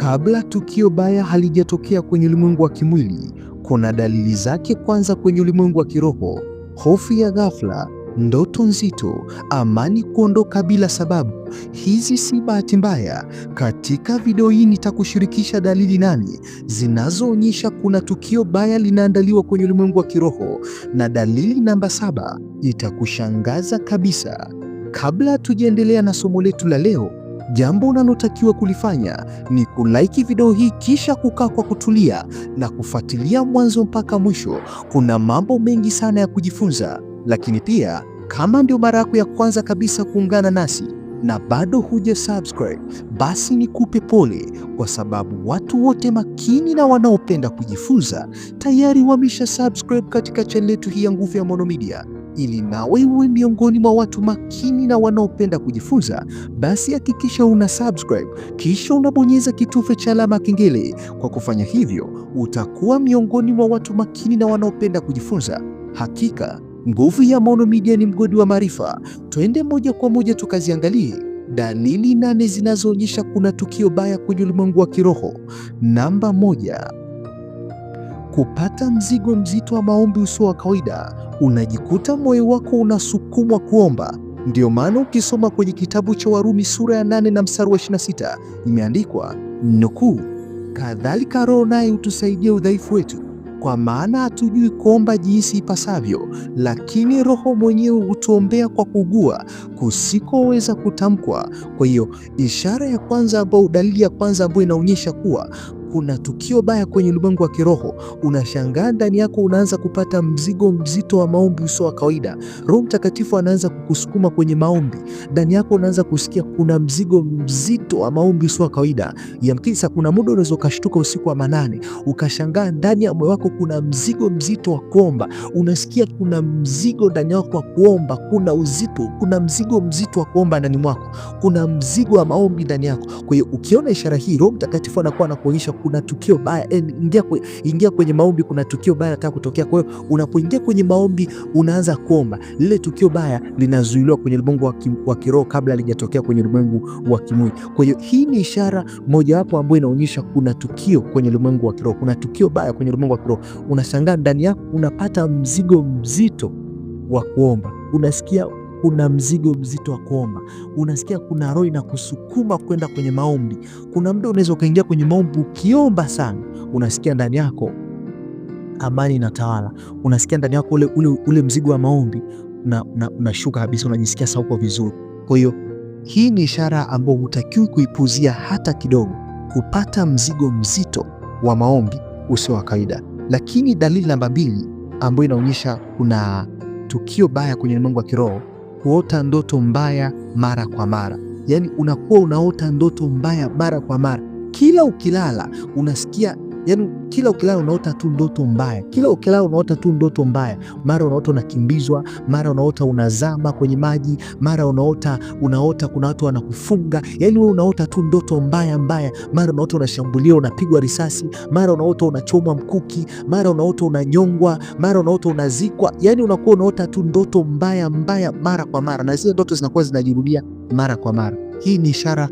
Kabla tukio baya halijatokea kwenye ulimwengu wa kimwili, kuna dalili zake kwanza kwenye ulimwengu wa kiroho: hofu ya ghafla, ndoto nzito, amani kuondoka bila sababu. Hizi si bahati mbaya. Katika video hii nitakushirikisha dalili nane zinazoonyesha kuna tukio baya linaandaliwa kwenye ulimwengu wa kiroho, na dalili namba saba itakushangaza kabisa. Kabla tujaendelea na somo letu la leo jambo unalotakiwa kulifanya ni kulaiki video hii kisha kukaa kwa kutulia na kufuatilia mwanzo mpaka mwisho. Kuna mambo mengi sana ya kujifunza, lakini pia kama ndio mara yako ya kwanza kabisa kuungana nasi na bado huja subscribe, basi nikupe pole, kwa sababu watu wote makini na wanaopenda kujifunza tayari wamesha subscribe katika channel yetu hii ya Nguvu ya Maono Media ili na wewe miongoni mwa watu makini na wanaopenda kujifunza, basi hakikisha una subscribe kisha unabonyeza kitufe cha alama kengele. Kwa kufanya hivyo, utakuwa miongoni mwa watu makini na wanaopenda kujifunza. Hakika nguvu ya Maono Media ni mgodi wa maarifa. Twende moja kwa moja tukaziangalie dalili nane zinazoonyesha kuna tukio baya kwenye ulimwengu wa kiroho. Namba moja, kupata mzigo mzito wa maombi usio wa kawaida, unajikuta moyo wako unasukumwa kuomba. ndio maana ukisoma kwenye kitabu cha Warumi sura ya 8 na mstari wa 26 imeandikwa nukuu, kadhalika Roho naye hutusaidia udhaifu wetu, kwa maana hatujui kuomba jinsi ipasavyo, lakini Roho mwenyewe hutuombea kwa kugua kusikoweza kutamkwa. Kwa hiyo ishara ya kwanza ambayo, dalili ya kwanza ambayo inaonyesha kuwa kuna tukio baya kwenye ulimwengu wa kiroho, unashangaa ndani yako, unaanza kupata mzigo mzito wa maombi usio wa kawaida. Roho Mtakatifu anaanza kukusukuma kwenye maombi, ndani yako unaanza kusikia kuna mzigo mzito wa maombi usio wa kawaida. Yamkini sa kuna muda unaweza ukashtuka usiku wa manane, ukashangaa ndani ya moyo wako kuna mzigo mzito wa kuomba, unasikia kuna mzigo ndani yako wa kuomba, kuna uzito, kuna mzigo mzito wa kuomba ndani mwako, kuna mzigo wa maombi ndani yako. Kwa hiyo ukiona ishara hii, Roho Mtakatifu anakuwa anakuonyesha kuna tukio baya, eh, ingia kwenye, ingia kwenye maombi, kuna tukio baya taka kutokea. Kwa hiyo unapoingia kwenye maombi, unaanza kuomba, lile tukio baya linazuiliwa kwenye ulimwengu wa kiroho kabla halijatokea kwenye ulimwengu wa kimwili. Kwa hiyo hii ni ishara mojawapo ambayo inaonyesha kuna tukio kwenye ulimwengu wa kiroho, kuna tukio baya kwenye ulimwengu wa kiroho. Unashangaa ndani yako unapata mzigo mzito wa kuomba, unasikia kuna mzigo mzito wa kuomba, unasikia kuna roho inakusukuma kwenda kwenye maombi. Kuna muda unaweza ukaingia kwenye maombi ukiomba sana, unasikia ndani yako amani inatawala, unasikia ndani yako ule, ule, ule mzigo wa maombi unashuka kabisa, unajisikia sauko vizuri. Kwa hiyo hii ni ishara ambayo hutakiwi kuipuzia hata kidogo, kupata mzigo mzito wa maombi usio wa kawaida. Lakini dalili namba mbili ambayo inaonyesha kuna tukio baya kwenye ulimwengu wa kiroho kuota ndoto mbaya mara kwa mara. Yaani unakuwa unaota ndoto mbaya mara kwa mara, kila ukilala unasikia yani kila ukilala unaota tu ndoto mbaya, kila ukilala unaota tu ndoto mbaya. Mara unaota unakimbizwa, mara unaota unazama kwenye maji, mara unaota unaota kuna watu wanakufunga, yani wewe unaota tu ndoto mbaya mbaya. Mara unaota unashambuliwa, unapigwa risasi, mara unaota unachomwa mkuki, mara unaota unanyongwa, mara unaota unazikwa, yani unakuwa unaota tu ndoto mbaya mbaya mara kwa mara, na zile ndoto zinakuwa zinajirudia mara kwa mara. Hii ni ishara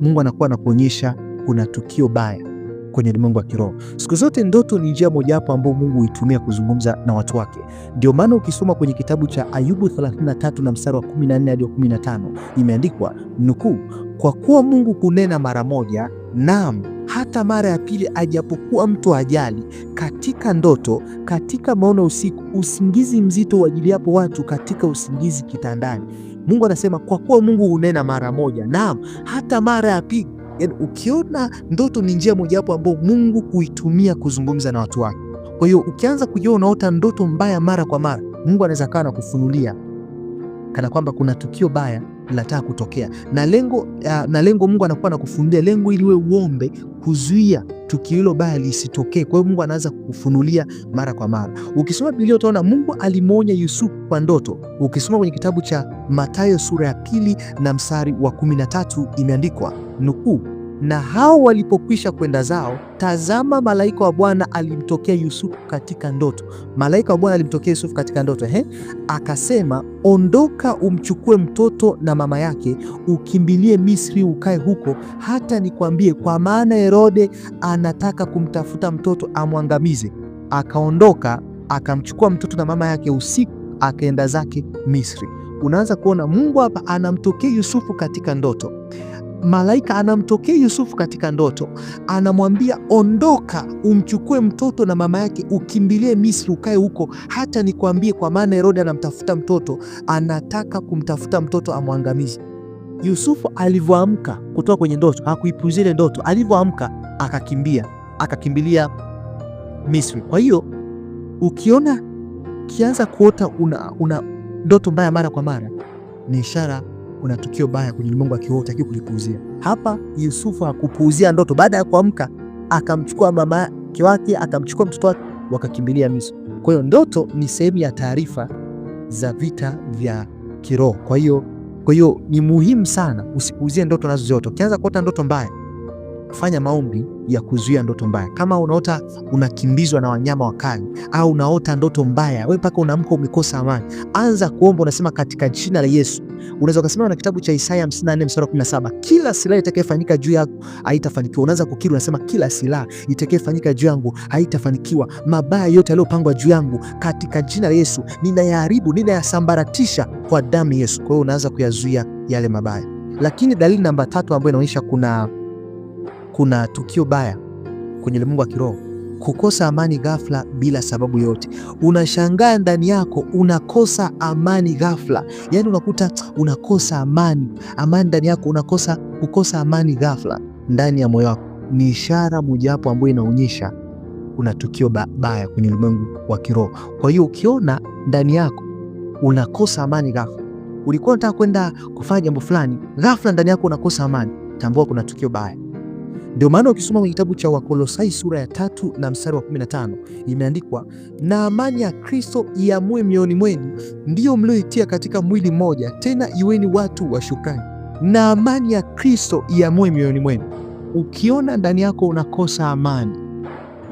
Mungu anakuwa anakuonyesha kuna tukio baya kwenye ulimwengu wa kiroho. Siku zote ndoto ni njia mojawapo ambayo Mungu huitumia kuzungumza na watu wake. Ndio maana ukisoma kwenye kitabu cha Ayubu 33 na mstari wa 14 hadi 15 imeandikwa nukuu, kwa kuwa Mungu kunena mara moja, naam hata mara ya pili, ajapokuwa mtu ajali, katika ndoto, katika maono usiku, usingizi mzito uwajiliapo watu, katika usingizi kitandani. Mungu anasema kwa kuwa Mungu hunena mara moja, naam hata mara ya pili yani ukiona ndoto ni njia mojawapo ambayo Mungu huitumia kuzungumza na watu wake. Kwa hiyo ukianza kujua unaota ndoto mbaya mara kwa mara, Mungu anaweza kawa na kufunulia kana kwamba kuna tukio baya linataka kutokea, na lengo, uh, na lengo Mungu anakuwa anakufunulia lengo ili we uombe kuzuia tukio hilo baya lisitokee. Kwa hiyo Mungu anaanza kufunulia mara kwa mara. Ukisoma Biblia utaona Mungu alimwonya Yusufu kwa ndoto. Ukisoma kwenye kitabu cha Mathayo sura ya pili na mstari wa tatu imeandikwa nukuu na hao walipokwisha kwenda zao, tazama, malaika wa Bwana alimtokea Yusufu katika ndoto. Malaika wa Bwana alimtokea Yusufu katika ndoto ehe, akasema, ondoka, umchukue mtoto na mama yake, ukimbilie Misri, ukae huko hata nikwambie, kwa maana Herode anataka kumtafuta mtoto amwangamize. Akaondoka, akamchukua mtoto na mama yake usiku, akaenda zake Misri. Unaanza kuona Mungu hapa anamtokea Yusufu katika ndoto malaika anamtokea Yusufu katika ndoto, anamwambia ondoka, umchukue mtoto na mama yake, ukimbilie Misri, ukae huko. Hata nikwambie, kwa maana Herode anamtafuta mtoto, anataka kumtafuta mtoto amwangamize. Yusufu alivyoamka kutoka kwenye ndoto, hakuipuuza ile ndoto. Alivyoamka akakimbia, akakimbilia Misri. Kwa hiyo ukiona kianza kuota una, una ndoto mbaya mara kwa mara, ni ishara kuna tukio baya kwenye ulimwengu wa kiroho hutakiwi kulipuuzia. Hapa Yusufu hakupuuzia ndoto. Baada ya kuamka, akamchukua mama yake wake, akamchukua mtoto wake, wakakimbilia Misri. Kwa hiyo ndoto ni sehemu ya taarifa za vita vya kiroho. Kwa hiyo kwa hiyo ni muhimu sana usipuuzie ndoto nazo zote. Ukianza kuota ndoto mbaya, fanya maombi ya kuzuia ndoto mbaya. Kama unaota unakimbizwa na wanyama wakali au unaota ndoto mbaya, wewe paka unaamka umekosa amani, anza kuomba, unasema katika jina la Yesu. Unaweza ukasema na kitabu cha Isaya 54 mstari 17, kila silaha itakayofanyika juu yako haitafanikiwa. Unaanza kukiri, unasema kila silaha itakayofanyika juu yangu haitafanikiwa. Mabaya yote yaliyopangwa juu yangu katika jina la Yesu ninayaharibu, ninayasambaratisha kwa damu Yesu. Kwa hiyo unaanza kuyazuia yale mabaya. Lakini dalili namba tatu ambayo inaonyesha kuna kuna tukio baya kwenye ulimwengu wa kiroho, kukosa amani ghafla bila sababu yote. Unashangaa ndani yako unakosa amani ghafla, yaani unakuta unakosa amani, amani ndani yako unakosa, kukosa amani ghafla ndani ya moyo wako ni ishara mojawapo ambayo inaonyesha kuna tukio baya kwenye ulimwengu wa kiroho. Kwa hiyo ukiona ndani yako unakosa amani ghafla, ulikuwa unataka kwenda kufanya jambo fulani, ghafla ndani yako unakosa amani, tambua kuna tukio baya. Ndio maana ukisoma kwenye kitabu cha Wakolosai sura ya tatu na mstari wa 15 imeandikwa, na amani ya Kristo iamue mioni mwenu, ndiyo mlioitia katika mwili mmoja, tena iweni watu wa shukrani. Na amani ya Kristo iamue mioni mwenu. Ukiona ndani yako unakosa amani,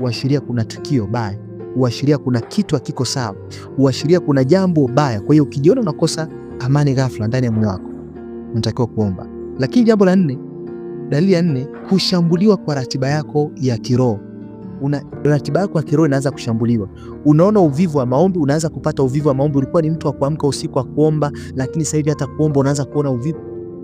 huashiria kuna tukio baya, huashiria kuna kitu hakiko sawa, huashiria kuna jambo baya. Kwa hiyo ukijiona unakosa amani ghafla ndani ya moyo wako, unatakiwa kuomba. Lakini jambo la nne Dalili ya nne, kushambuliwa kwa ratiba yako ya kiroho. Una ratiba yako ya kiroho inaanza kushambuliwa. Unaona uvivu wa maombi, unaanza kupata uvivu wa maombi. Ulikuwa ni mtu wa kuamka usiku wa kuomba, lakini sasa hivi hata kuomba unaanza kuona uvivu.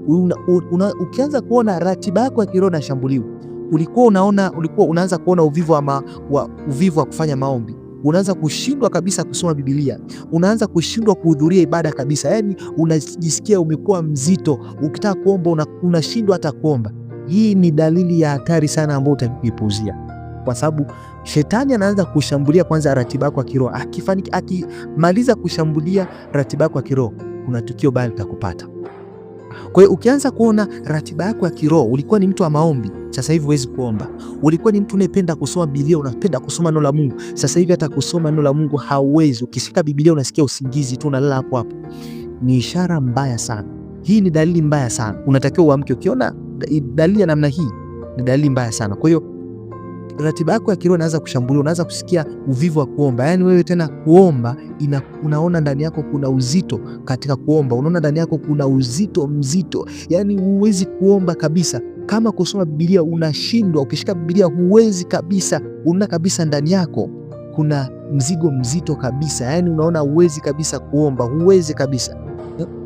Una, una, ukianza kuona ratiba yako ya kiroho inashambuliwa. Ulikuwa unaona ulikuwa unaanza kuona uvivu wa, ma, wa uvivu wa kufanya maombi unaanza kushindwa kabisa kusoma Biblia, unaanza kushindwa kuhudhuria ibada kabisa. Yaani unajisikia umekuwa mzito, ukitaka kuomba unashindwa hata kuomba. Hii ni dalili ya hatari sana ambayo utajipuuzia, kwa sababu shetani anaanza kushambulia kwanza ratiba yako ya kiroho. Akifanikiwa, akimaliza kushambulia ratiba yako ya kiroho, kuna tukio baya litakupata. Kwa hiyo ukianza kuona ratiba yako ya kiroho, ulikuwa ni mtu wa maombi, sasa hivi huwezi kuomba. Ulikuwa ni mtu unayependa kusoma Biblia, unapenda kusoma neno la Mungu, sasa hivi hata kusoma neno la Mungu hauwezi. Ukishika Biblia unasikia usingizi tu, unalala hapo hapo. Ni ishara mbaya sana, hii ni dalili mbaya sana, unatakiwa uamke. Ukiona dalili ya namna hii ni dalili mbaya sana. Kwa hiyo ratiba yako ya kiroho inaanza kushambuliwa, unaanza kusikia uvivu wa kuomba. Yaani wewe tena kuomba ina, unaona ndani yako kuna uzito katika kuomba, unaona ndani yako kuna uzito mzito, yaani huwezi kuomba kabisa. Kama kusoma Biblia unashindwa, ukishika Biblia huwezi kabisa, unaona kabisa ndani yako kuna mzigo mzito kabisa, yaani unaona huwezi kabisa kuomba, huwezi kabisa.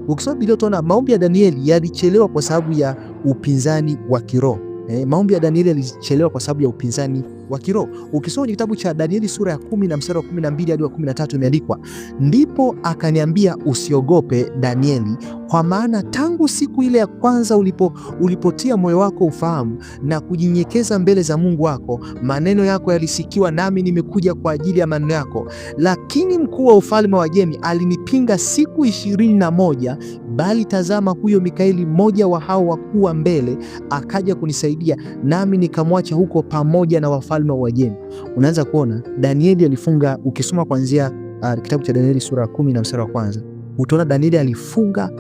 Ukisoma Biblia utaona maombi ya Danieli yalichelewa kwa sababu ya upinzani wa kiroho. Eh, maombi ya Danieli yalichelewa kwa sababu ya upinzani wa kiroho. Ukisoma kwenye kitabu cha Danieli sura ya kumi na mstari wa mbili hadi wa tatu imeandikwa, ndipo akaniambia usiogope Danieli, kwa maana tangu siku ile ya kwanza ulipo, ulipotia moyo wako ufahamu na kujinyekeza mbele za Mungu wako, maneno yako yalisikiwa, nami nimekuja kwa ajili ya maneno yako. Lakini mkuu wa ufalme wa Jemi alinipinga siku ishirini na moja bali tazama, huyo Mikaeli mmoja wa hao wakuu wa mbele akaja kunisaidia, nami nikamwacha huko pamoja na wafalme wa Uajemi. Unaanza kuona Danieli alifunga, ukisoma kuanzia uh, kitabu cha Danieli sura ya kumi na mstari wa kwanza utaona Danieli alifunga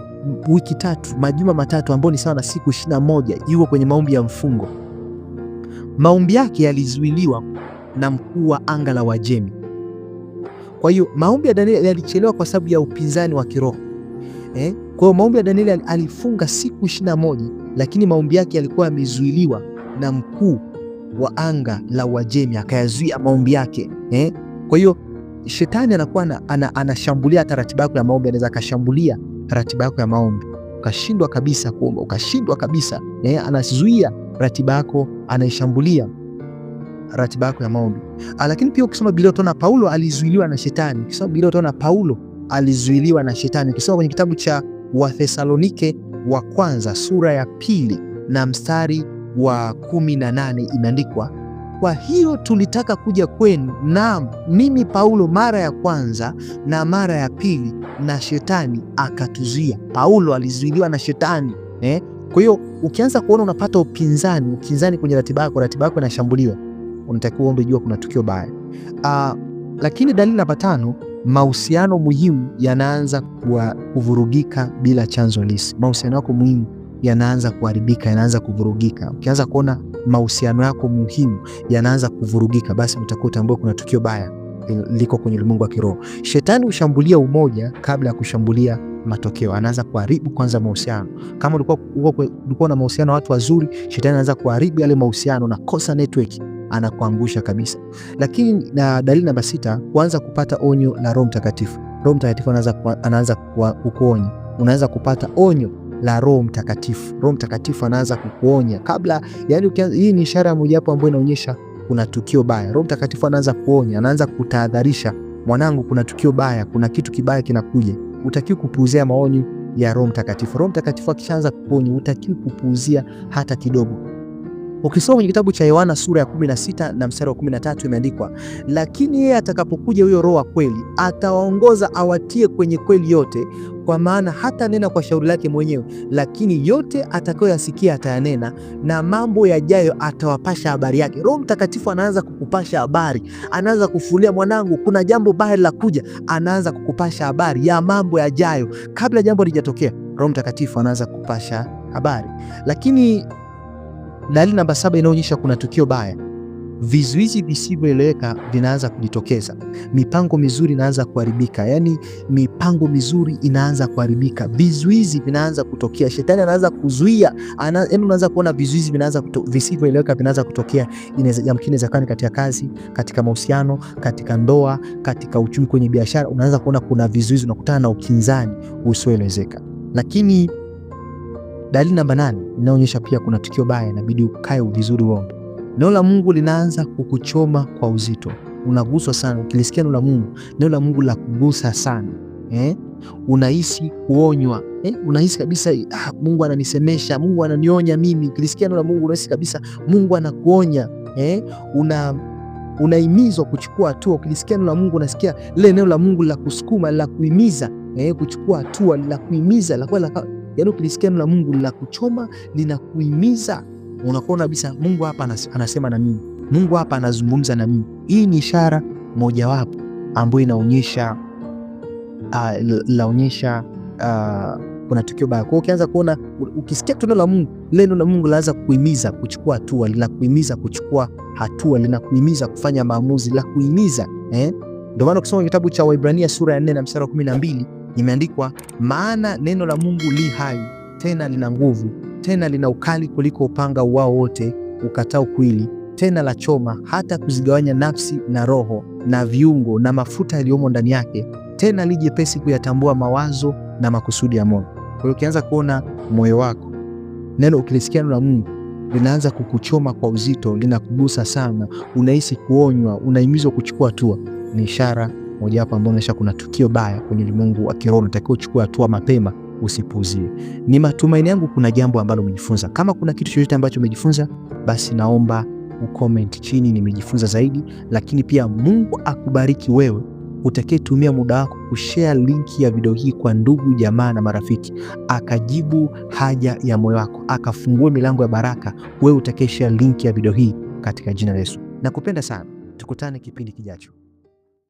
wiki tatu, majuma matatu ambayo ni sawa na siku ishirini na moja yuko kwenye maombi ya mfungo. Maombi yake yalizuiliwa na mkuu wa anga la Uajemi. Kwa hiyo maombi ya Danieli yalichelewa kwa sababu ya upinzani wa kiroho eh? Kwa hiyo maombi ya Danieli alifunga siku ishirini na moja, lakini maombi yake yalikuwa yamezuiliwa na mkuu wa anga la Uajemi, akayazuia maombi yake eh? Kwa hiyo shetani anakuwa anashambulia ana, ana ratiba yako ya maombi, anaweza akashambulia ratiba yako ya maombi ukashindwa kabisa kuomba, ukashindwa kabisa eh? Anazuia ratiba yako, anaishambulia ratiba yako ya maombi. Ah, lakini pia ukisoma Biblia utaona Paulo alizuiliwa na shetani. Ukisoma Biblia utaona Paulo alizuiliwa na shetani. Ukisoma kwenye kitabu cha Wathesalonike wa kwanza sura ya pili na mstari wa 18 imeandikwa, kwa hiyo tulitaka kuja kwenu, na mimi Paulo mara ya kwanza na mara ya pili, na shetani akatuzuia. Paulo alizuiliwa na shetani eh? Kwa hiyo ukianza kuona unapata upinzani, upinzani kwenye ratiba yako, ratiba yako inashambuliwa, unatakiwa ombe, jua kuna tukio baya. Uh, lakini dalili namba tano mahusiano muhimu yanaanza kuvurugika bila chanzo lisi. Mahusiano yako muhimu yanaanza kuharibika, yanaanza kuvurugika. Ukianza kuona mahusiano yako muhimu yanaanza kuvurugika, basi utakuwa utambua kuna tukio baya liko kwenye ulimwengu wa kiroho. Shetani hushambulia umoja kabla ya kushambulia matokeo. Anaanza kuharibu kwanza mahusiano. Kama ulikuwa na mahusiano na watu wazuri, shetani anaanza kuharibu yale mahusiano na kosa network anakuangusha kabisa. Lakini na dalili namba sita, kuanza kupata onyo la Roho Mtakatifu. Roho Mtakatifu anaanza kukuonya, unaanza kupata onyo la Roho Mtakatifu. Roho Mtakatifu anaanza kukuonya kabla, yani hii ni ishara mojawapo ambayo inaonyesha kuna tukio baya. Roho Mtakatifu anaanza kuonya, anaanza kutahadharisha, mwanangu, kuna tukio baya, kuna kitu kibaya kinakuja, utakiwi kupuuzia maonyo ya Roho Mtakatifu. Roho Mtakatifu akishaanza kukuonya, utakiwi kupuuzia hata kidogo. Ukisoma kwenye kitabu cha Yohana sura ya 16 na mstari wa 13 imeandikwa, lakini yeye atakapokuja huyo Roho wa kweli atawaongoza awatie kwenye kweli yote, kwa maana hata nena kwa shauri lake mwenyewe, lakini yote atakayoyasikia atayanena, na mambo yajayo atawapasha habari yake. Roho Mtakatifu anaanza kukupasha habari, anaanza kufunulia, mwanangu, kuna jambo baya la kuja. Anaanza kukupasha habari ya mambo yajayo, kabla jambo lijatokea. Roho Mtakatifu anaanza kukupasha habari, lakini Dalili namba saba inaonyesha kuna tukio baya. Vizuizi visivyoeleweka vinaanza kujitokeza, mipango mizuri inaanza kuharibika. Yaani mipango mizuri inaanza kuharibika, vizuizi vinaanza kutokea, shetani anaanza kuzuia, yaani unaanza kuona vizuizi vinaanza visivyoeleweka vinaanza kutokea. Yamkini inawezekana katika kazi, katika mahusiano, katika ndoa, katika uchumi, kwenye biashara. Unaanza kuona kuna vizuizi, unakutana na ukinzani usioelezeka, lakini Dalili namba nane inaonyesha pia kuna tukio baya, inabidi ukae vizuri uombe. Neno la Mungu linaanza kukuchoma kwa uzito, unaguswa sana. Ukilisikia neno la Mungu, neno la Mungu la kugusa sana eh? Unahisi kuonywa eh? Unahisi kabisa ah, Mungu ananisemesha, Mungu ananionya mimi. Ukilisikia neno la Mungu unahisi kabisa Mungu anakuonya eh? una unaimizwa kuchukua hatua. Ukilisikia neno la Mungu unasikia lile neno la Mungu la kusukuma la kuimiza eh? kuchukua hatua la kuimiza la kwa Yaani ukilisikia neno la Mungu linakuchoma, linakuhimiza, unakuona kabisa Mungu hapa anasema na mimi, Mungu hapa anazungumza na mimi. Hii ni ishara mojawapo ambayo inaonyesha uh, laonyesha uh, kuna tukio baya. Kwa ukianza kuona, ukisikia neno la Mungu, neno la Mungu laanza kuhimiza kuchukua hatua, linakuhimiza kuchukua hatua, linakuhimiza kufanya maamuzi, la kuhimiza eh? Ndio maana ukisoma kitabu cha Waibrania sura ya 4 na mstari wa 12 Imeandikwa, maana neno la Mungu li hai tena lina nguvu tena lina ukali kuliko upanga wao wote ukatao kwili tena la choma hata kuzigawanya nafsi na roho na viungo na mafuta yaliyomo ndani yake, tena lijepesi kuyatambua mawazo na makusudi ya moyo. Kwa hiyo ukianza kuona moyo wako neno, ukilisikia neno la Mungu linaanza kukuchoma kwa uzito, linakugusa sana, unahisi kuonywa, unahimizwa kuchukua hatua, ni ishara mojawapo ambao inaonyesha kuna tukio baya kwenye ulimwengu wa kiroho, unatakiwa uchukue hatua mapema, usipuzie. Ni matumaini yangu kuna jambo ambalo umejifunza. Kama kuna kitu chochote ambacho umejifunza, basi naomba ucomment chini, nimejifunza zaidi. Lakini pia Mungu akubariki wewe utakayetumia muda wako kushare linki ya video hii kwa ndugu jamaa na marafiki, akajibu haja ya moyo wako, akafungua milango ya baraka. Wewe utakaye share linki ya video hii katika jina la Yesu, nakupenda sana. Tukutane kipindi kijacho.